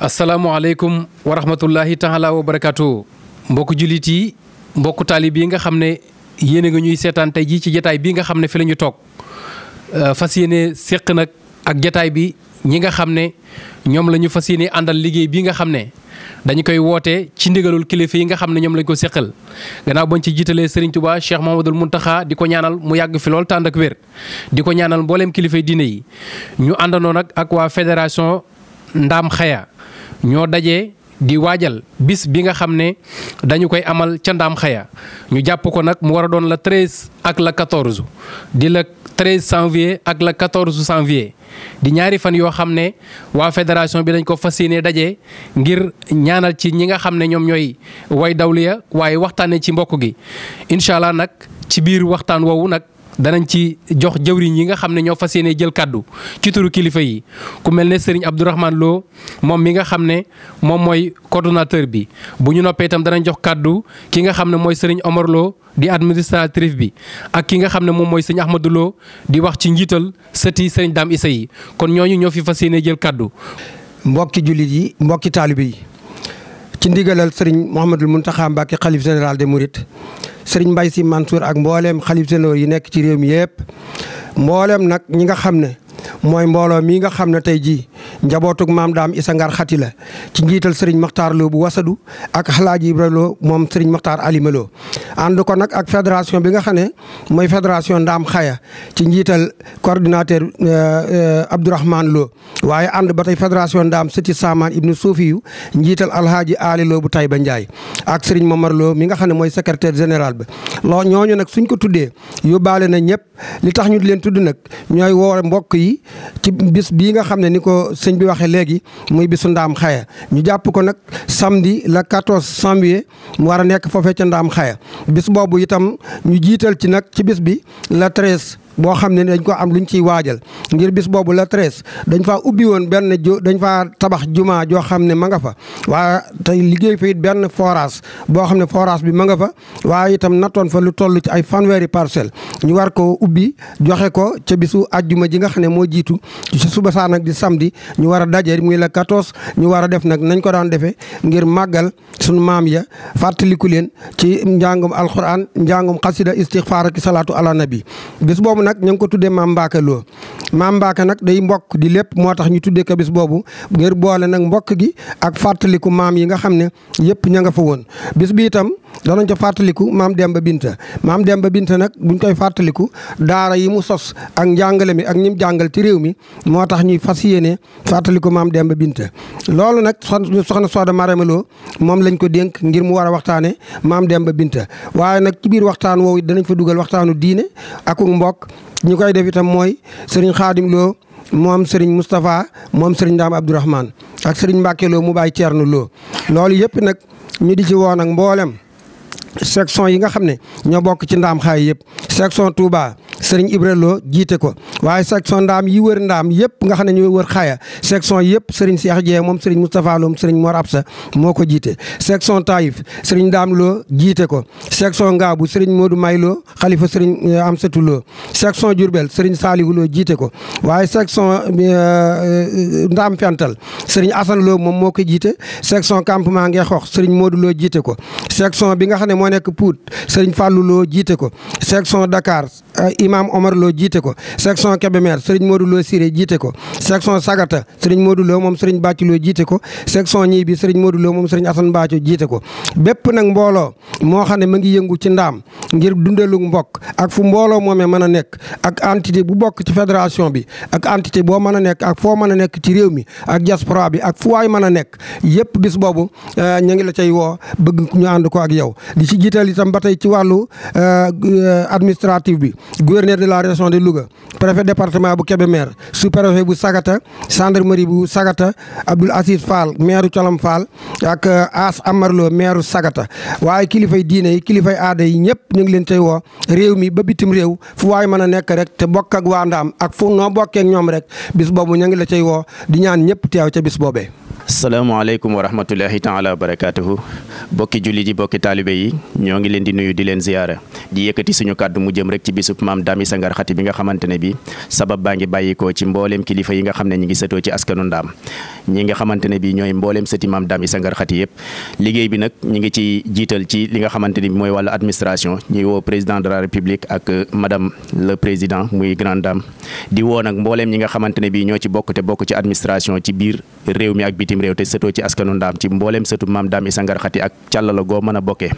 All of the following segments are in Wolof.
asalaamualeykum wa rahmatullahi taala wa barakaatu mbokku jullit yi mbokku taalib yi nga xam ne yéen a nga ñuy seetaan tey jii ci jataay bii nga xam ne fi la ñu toog euh, fas yéene séq nag ak jataay bi ñi nga xam ne ñoom lañu ñu fas yéene àndal liggéey bii nga xam ne dañu koy woote ci ndigalul kilifa yi nga xam ne ñoom lañ ko séqal gannaaw bañ ci jiitalee Serigne Touba Cheikh Mamadul Muntaxa di ko ñaanal mu yàgg fi lool tànd ak wér di ko ñaanal mbooleem kilifa diine yi ñu àndandoo nag ak waa fédération Ndaam Xaya ñoo daje di waajal bis bi nga xam ne dañu koy amal ca ndaam xaya ñu jàpp ko nag mu war a doon la 13 ak la 14 di la 13 janvier ak la 14 janvier di ñaari fan yoo xam ne waa fédération bi dañ ko fas yéene daje ngir ñaanal ci ñi nga xam ne ñoom ñooy way dawliya waaye waxtaanee ci mbokk gi incha allah nag ci biir waxtaan woowu nag danañ ci jox jëwriñ yi nga xam ne ñoo fas yéene jël kàddu ci turu kilifa yi ku mel ne Serigne Abdourahmane Lo moom mi nga xam ne moom mooy coordonnateur bi bu ñu noppee itam danañ jox kàddu ki nga xam ne mooy Serigne Omar Lo di administratif bi ak ki nga xam ne moom mooy Serigne Ahmadou Lo di wax ci njiital sëti Serigne Dame Issa yi kon ñooñu ñoo fi fas yéene jël kàddu. mbokki jullit yi mbokki taalibe yi ci ndigalal Serigne Mouhamadul Mountakha Mbacké xalif général des Mourides sëriñ mbay si Mansour ak mbooleem xalif généraux yi nekk ci réew mi yëpp mbooleem nag ñi nga xam ne mooy mbooloo mii nga xam ne tey jii njabootug maam daam isa ngar xati la ci njiital sëriñ maxtaar loo bu wasadu ak alaaji ibra loo moom sëriñ maxtaar alimaloo ànd ko nag ak fédération bi nga xam ne mooy fédération ndaam xaya ci njiital coordinateur euh, euh, abdourahman loo waaye and ba tey fédération ndaam sëti saamaan ibnu suufiyu njiital alhaaji aali loo bu tayba njaay ak sëriñ mamar loo mi nga xam ne mooy secretaire général bi loo ñooñu nag suñ ko tuddee yóbbaale na ñëpp li tax ñu leen tudd nag ñooy sëñ bi waxee léegi muy bisu ndaam xaya ñu jàpp ko nag samedi la 14 janvier mu war a nekk foofee ca ndaam xaya bis boobu itam ñu jiital ci nag ci bis bi la 13 boo xam ne dañ ko am luñ ciy waajal ngir bis boobu la treize dañ fa ubbi woon benn ju dañ fa tabax jumaa joo xam ne ma nga fa waa tey liggéey fa benn forage boo xam ne forage bi ma nga fa waaye itam nattoon fa lu toll ci ay fanweeri parcelle ñu war ko ubbi joxe ko ca bisu ajjuma ji nga xam ne moo jiitu ci suba saa nag di samedi ñu war a daje muy la quatorze ñu war a def nag nañ ko daan defee ngir màggal sunu maam ya fàttaliku leen ci njàngum alxuraan njàngum xasida istixfaar salaatu ala nabi nag ñu ko tuddee maam Mbaaka Lo maam Mbaaka nag day mbokk di lépp moo tax ñu tuddee ko bis boobu ngir boole nag mbokk gi ak fàttaliku maam yi nga xam ne yëpp ña nga fa woon bis bi itam danañ ca fàttaliku maam Demba Binta maam Demba Binta nag buñ koy fàttaliku daara yi mu sos ak njàngale mi ak ñim jàngal ci réew mi moo tax ñuy fas yéene fàttaliku maam Demba Binta. loolu nag soxna Soxna Marème Lo moom lañ ko dénk ngir mu war a waxtaanee maam Demba Binta waaye nag ci biir waxtaan woowu danañ fa dugal waxtaanu diine ak mbokk ñu koy def itam mooy Serigne Khadim Lo moom Serigne Moustapha moom Serigne Ndam Abdourahmane ak Serigne Mbacke mu bàyyi Thierno Lo loolu yëpp nag ñu di ci woon ak mboolem. section yi nga xam ne ñoo bokk ci ndaam xaay yëpp section Touba sëriñ Ibra Lo jiite ko waaye section ndaam yi wër ndaam yëpp nga xam ne ñooy wër xaya section yëpp sëriñ Cheikh Dieng moom sëriñ Moustapha Lo seriñ sëriñ Mor Absa moo ko jiite section Taïf sëriñ Ndaam loo jiite ko section Ngaabu sëriñ Modou May Lo xalifa sëriñ euh, Amsatou Lo section Diourbel sëriñ Salihu Lo jiite ko waaye section euh, euh, Ndaam Fental sëriñ Assane Lo moom moo ko jiite section campement Ngexox sëriñ Modou Lo jiite ko section bi nga xam ne moo nekk Pout sëriñ Fallou Lo jiite ko section Dakar Euh, imam Omar Lo jiite ko section Kébémer sëriñ Modou Lo jiite ko section Sagata sëriñ Modou moom sëriñ Bàcci jiite ko section ñii bi sëriñ Modou Lo moom sëriñ Assane Bàcci jiite ko bépp nag mbooloo moo xam ne ma ngi yëngu ci ndaam ngir dundalu mbokk ak fu mbooloo moomee mën a nekk ak entité bu bokk ci fédération bi ak entité boo mën a nekk ak foo mën a nekk ci réew mi ak diaspora bi ak fu waay mën a nekk yëpp bis boobu euh, ñu ngi la cay woo bëgg ñu ko ak yow di ci jiital itam ba tey ci wàllu euh, administratif bi gouverneur de la région de Louga préfet département bu Kébémer sous-préfet bu Sagata gendarmerie bu Sagata Abdoul Aziz Fall maire Colom Fall ak euh, As Amarlo maire Sagata waaye kilifay diine yi kilifay aada yi ñëpp ñu ngi leen tey woo réew mi ba bitim réew fu waaye mën a nekk rek te bokk ak waa Ndaam ak fu noo bokkee ñoom rek bis boobu ñu ngi la cay woo di ñaan ñëpp teew ca bis boobe salaamaaleykum wa rahmatullahi taala wa barakaatuhu bokki julli ji bokki taalibe yi ñoo ngi leen di nuyu di leen ziyaara di yëkkati suñu kàddu mu jëm rek ci bisub maam Damy Isa Ngar bi nga xamante ne bi sabab baa ngi bàyyikoo ci mbooleem kilifa yi nga xam ne ñi ngi sëtoo ci askanu ndaam ñi nga xamante ne bi ñooy mbooleem sëti maam Damy Isa Ngar Xati yëpp liggéey bi nag ñi ngi ci jiital ci li nga xamante ne bi mooy wàllu administration ñuy woo président de la république ak euh, madame le président muy grande dame di woo nag mbooleem ñi nga xamante ne bi ñoo ci bokk te bokk ci administration ci biir réew mi ak bitim réew te sëtoo ci askanu ndaam ci mbooleem sëtu maam daam isa ngar xati ak càllala goo mën a bokke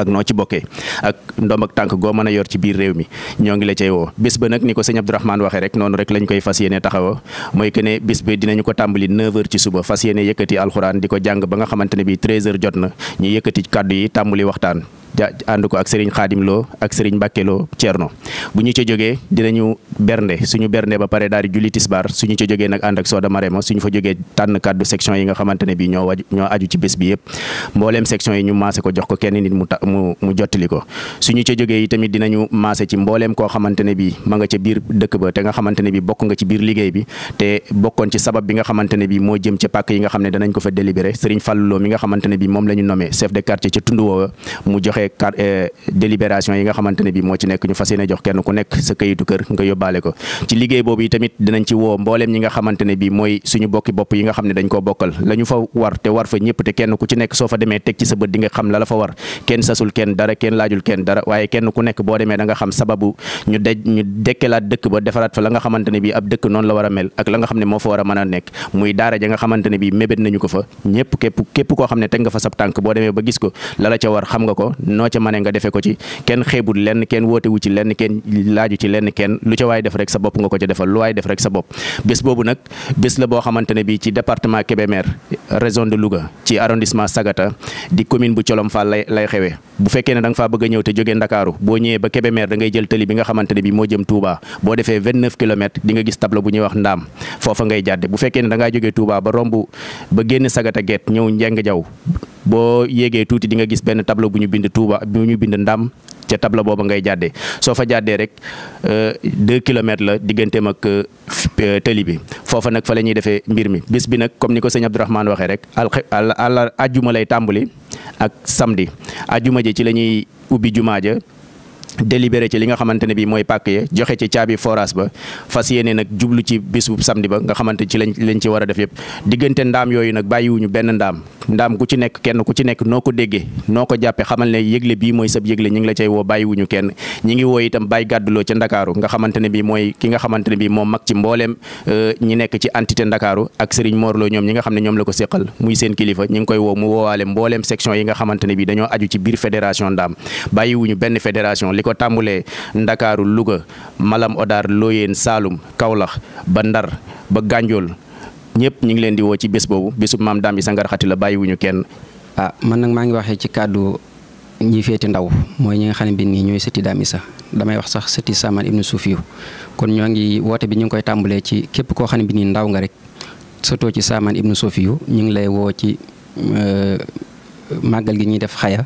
ak noo ci bokkee ak ndoom ak tànk goo mën a yor ci biir réew mi ñoo ngi la cay woo bis ba nag ni ko sëñ Abdourahmane waxee rek noonu rek lañ koy fas yéene taxawa mooy que ne bis ba dinañu ko tàmbali 9h ci suba fas yéene yëkkati alxuraan di ko jàng ba nga xamante ne bii 13h jot na ñu yëkkati kàddu yi tàmbali waxtaan. ja ànd ko ak Serigne Khadim Lo ak Serigne Mbacke Lo Thierno bu ñu ca jógee dinañu bernde suñu bernde ba pare daal di julli tisbaar suñu ca jógee nag ànd ak Soda Marema suñu fa jógee tànn kàddu section yi nga xamante ne bii ñoo waju ñoo aju bi yëpp mbooleem section yi ñu maase ko jox ko kenn nit mu ta mu mu jottali ko suñu ca jógee yi tamit dinañu maase ci mbooleem koo xamante ne bii ma nga ca biir dëkk ba te nga xamante ne bii bokk nga ci biir liggéey bi te bokkoon ci sabab bi nga xamante ne bii moo jëm ca pàkk yi nga xam ne danañ ko fa délibéré Serigne Fallou Lo nga xamante ne bii moom la ñu nommé chef de quartier ca tund woowa mu joxe joxe carte euh, délibération yi nga xamante ne bi moo ci nekk ñu fas yéene jox kenn ku nekk sa këyitu kër nga yóbbaale ko ci liggéey boobu tamit dinañ ci woo mbooleem ñi nga xamante ne bi mooy suñu bokki bopp yi nga xam ne dañ koo war te war fa kenn ku ci nekk soo fa demee teg ci sa bët di nga xam la la fa war kenn sasul kenn dara kenn laajul kenn dara waaye kenn ku nekk boo demee da nga xam sababu ñu dej ñu dekkelaat dëkk ba defaraat fa la nga xamante ne bi ab dëkk noonu la war a mel ak la nga xam ne moo fa war a mën a nekk muy daara ja nga xamante ne bi mébét nañu ko fa ñëpp képp képp koo xam ne teg nga fa sab tànk boo demee ba gis ko la la ca war xam nga ko noo ca mënee nga defee ko ci kenn xeebul lenn kenn wootewu ci lenn kenn laaju ci lenn kenn lu ca waay def rek sa bopp nga ko ca defal lu waay def rek sa bopp bés boobu nag bés la boo xamante ne bi ci département Kébémer région de luga ci arrondissement Sagata di commune bu Colom Fall lay lay xewee bu fekkee ne da faa bëgg a ñëw te jóge Ndakaaru boo ñëwee ba Kébémer da ngay jël tëli bi nga xamante ne bi moo jëm Touba boo defee 29 kilomètres di nga gis bu ñuy wax ndaam foofa ngay jàdde bu fekkee ne da ngaa jógee ba romb Sagata Gate ñëw Njeng Jaw boo yéegee tuuti di nga gis benn tableau bu ñu bind Touba bu ñu bind Ndam ca tableau booba ngay jàddee soo fa jàddee rek euh, deux kilomètres la diggante ak euh, tëli bi foofa nag fa la ñuy defee mbir mi bis bi nag comme ni ko sëñ Abdourahmane waxee rek al àjjuma lay tàmbali ak samdi àjjuma ji ci lañuy ubbi jumaa ja délibéré ci li nga xamante ne bii mooy pàkk ye joxe ci caabi forage ba fas yéene nag jublu ci bisu samedi ba nga xamante ci lañ lañ ci war a def yëpp diggante ndaam yooyu nag bàyyiwuñu benn ndaam ndaam ku ci nekk kenn ku ci nekk noo ko déggee noo ko jàppee xamal ne yëgle bii mooy sab yëgle ñi ngi la cay woo bàyyiwuñu kenn ngi woo itam bàyyi gàdduloo ca nga xamante ne bii mooy ki nga xamante ne bii moo mag ci mbooleem euh, ñi nekk ci entité ndakaaru ak Serigne Morlo ñoom ñi nga xam ne ñoom la ko séqal muy seen kilifa ñi ngi koy woo mu woowaale mbooleem section yi nga xamante ne bii dañoo aju ci biir fédération ndaam bàyyiwuñu benn fédération li ko tàmbulee ndakaaru luga Malam Odar Looyeen Saalum Kaolack ba Ndar ba Gànjool ñëpp ñu ngi leen di woo ci bés boobu bésu maam Dame sa Ngar Xati la bàyyiwuñu kenn. ah man nag maa ngi waxee ci kàddu ñi féete ndaw mooy ñi nga xam ne nii ñooy sëti Dame Issa damay wax sax sëti Saman Ibnu Suufiyu kon ñoo ngi woote bi ñu ngi koy tàmbalee ci képp koo xam ne bi nii ndaw nga rek sëtoo ci Saman Ibnu Suufiyu ñu ngi lay woo ci euh, màggal gi ñuy def xaya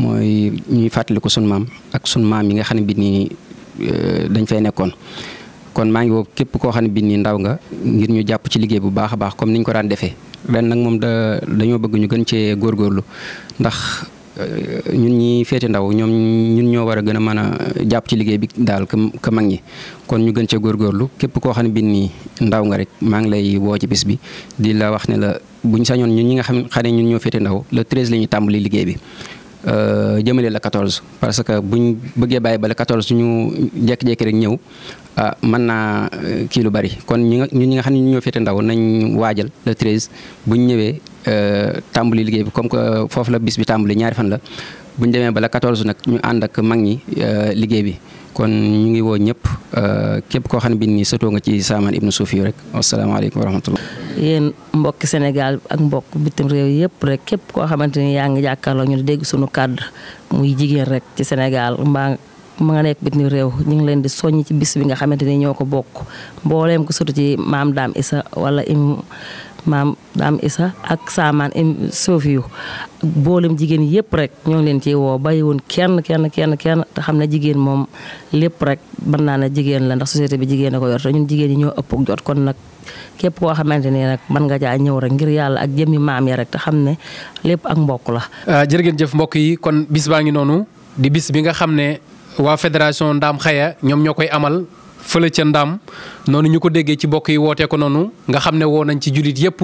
mooy ñuy fàttaliku sunu maam ak sun maam yi nga xam ne bi nii euh, dañ fay nekkoon kon maa ngi woo képp koo xam ne bi nii ndaw nga ngir ñu jàpp ci liggéey bu baax baax comme niñ ko daan defee ren nag moom da dañoo bëgg ñu gën cee góorgóorlu ndax euh, ñun ñi féete ndaw ñoom ñun ñoo war a gën a mën a jàpp ci liggéey bi daal ka mag ñi kon ñu gën cee góorgóorlu képp koo xam ne bi nii ndaw nga rek maa ngi lay woo ci bis bi di la wax ne la buñ sañoon ñun ñi nga xam ne ñun ñoo féete ndaw le 13 la ñu tàmbali liggéey bi Euh, jëmale la 14 parce que buñ bëggee bàyyi ba la suñu jékki-jékki rek ñëw ah mën naa euh, kii lu bari kon ñi nga ñi nga xam ne ñu ñoo féete ndaw nañ waajal le 13 buñ ñëwee euh, tàmbali liggéey bi comme que foofu la bis bi tàmbali ñaari fan la buñ demee bala la 14 nag ñu ànd ak mag ñi liggéey bi kon ñu ngi woo ñëpp képp koo xam ne bi nii sëtoo nga ci Saman Ibn Soufi rek wasalaamaaleykum wa rahmatullah yéen mbokki Sénégal ak mbokk bitim réew yëpp rek képp koo xamante ni yaa ngi jàkkaarloo ñu dégg suñu kàddu muy jigéen rek ci Sénégal mbaa ma nga nekk ni réew ñu ngi leen di soññ ci bis bi nga xamante ni ñoo ko bokk mbooleem ko sutu ci maam daam Isa wala im maam daam isa ak saamaan sofiyu boolem jigéen yëpp rek ñoo ngi leen ciy woo bàyyi woon kenn kenn kenn kenn te xam ne jigéen moom lépp rek mën naa ne jigéen la ndax société bi jigéen a ko yor ñun jigéen yi ñoo ëpp jot kon nag képp koo xamante ni nag mën nga caa ñëw rek ngir yàlla ak jëmmi maam ya rek te xam ne lépp ak mbokk la. Ah, jërëjëf mbokk yi kon bis baa ngi noonu di bis bi nga xam ne waa fédération Ndaam Xaya ñoom ñoo koy amal. fële ca ndam noonu ñu ko déggee ci bokk yi wootee ko noonu nga xam ne woo nañ ci jullit yëpp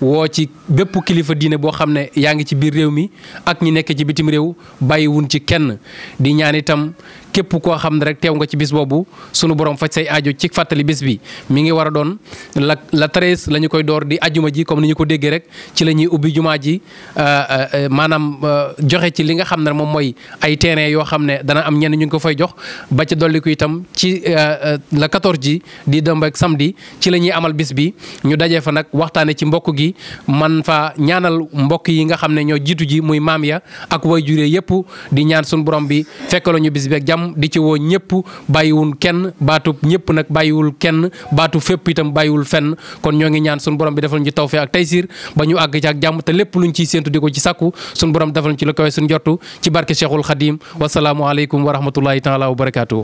woo ci bépp kilifa diine boo xam ne yaa ngi ci biir réew mi ak ñi nekk ci bitim réew bàyyiwun ci kenn di ñaan itam képp koo xam ne rek teew nga ci bis boobu sunu borom faj say ajo ci fàttali bis bi mi ngi war a doon la la treize la ñu koy door di ajuma ji comme ni ñu ko déggee rek ci la ñuy ubbi jumaa ji euh, euh, euh, maanaam joxe ci li nga xam ne moom mooy ay terrain yoo xam ne dana am ñenn ñu ngi ko fay jox ba ca dolliku itam ci la quatorze ji di dem ak samedi ci la ñuy amal bis bi ñu dajee fa nag waxtaane ci mbokk gi man fa ñaanal mbokk yi nga xam ne ñoo jiitu ji muy maam ya ak way juree yëpp di ñaan sunu borom bi fekkaloo ñu bis bi ak jàmm itam di ci woo ñëpp bàyyiwul kenn baatub ñëpp nag bàyyiwul kenn baatu fépp itam bàyyiwul fenn kon ñoo ngi ñaan suñu borom bi defal ñu ci tawfeex ak taysiir ba ñu àgg ci ak jàmm te lépp luñ ciy séentu di ko ci sàkku suñu borom defal ñu ci lu kawe suñu jortu ci barke Cheikhul Khadim wasalaamualeykum wa rahmatullahi taala wa barakaatu